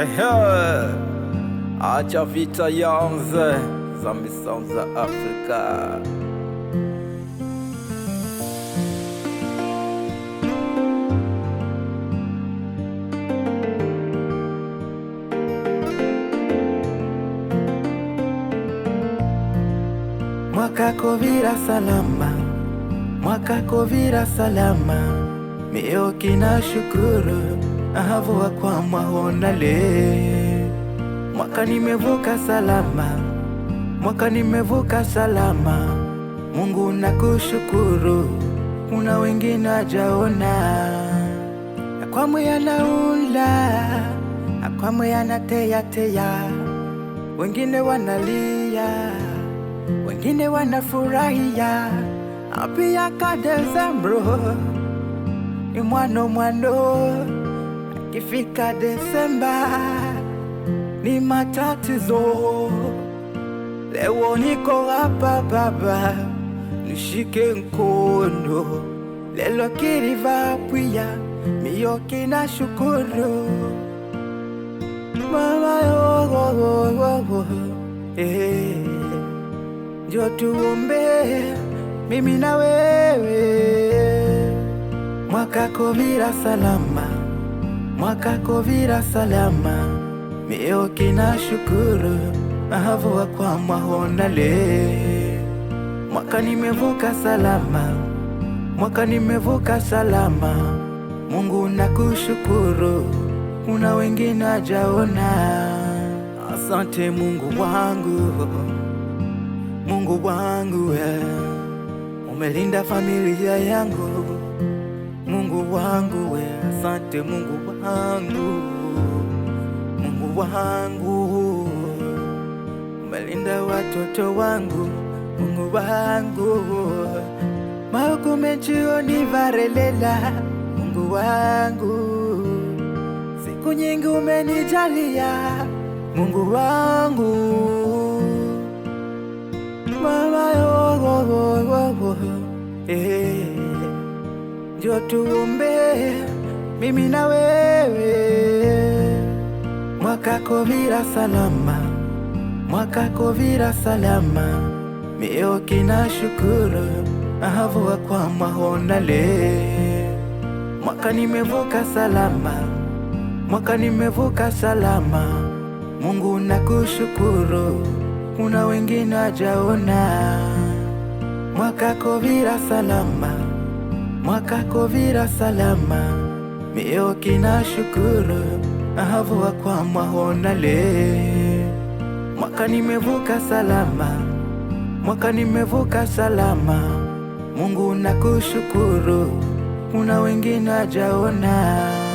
Ehe, acha vita yanze zambi misao za Afrika. Mwakako vira salama, mwakako vira salama, mio kina shukuru ahavoa kwa mwahonale mwaka nimevuka salama, mwaka nimevuka salama. Mungu nakushukuru, una wengine ajaona akwamwe yanaula akwamwe yanateyateya wengine wanalia, wengine wanafurahia apia kadezamro ni mwano kifika Desemba ni matatizo. Leo niko hapa baba, nishike mkono. Lelo kiriva pwia miyo kina shukuru mama yogogogogo eh, njo tuombe mimi na wewe mwaka komira salama mwaka kovira salama mioki na shukuru nahavua kwa mwahonale mwaka nimevuka salama mwaka nimevuka salama Mungu nakushukuru una wengine ajaona asante Mungu wangu Mungu wangu yeah. Umelinda familia yangu Mungu wangu we, asante Mungu wangu, Mungu wangu, umelinda watoto wangu, Mungu wangu, varelela Mungu wangu, siku nyingi umenijalia Mungu wangu, mama yowowowowo eh, ndio tuombe mimi na wewe wewe, Mwaka kovira salama, mwaka kovira salama, mio kina shukuru ahavua kwa le. mwaka nimevuka salama, mwaka nimevuka salama, Mungu nakushukuru, kuna wengine ajaona, Mwaka kovira salama, mwaka kovira salama Miyoki na shukuru nahavua kwa mwahonale mwaka nimevuka salama, mwaka nimevuka salama. Mungu nakushukuru, kuna wengine ajaona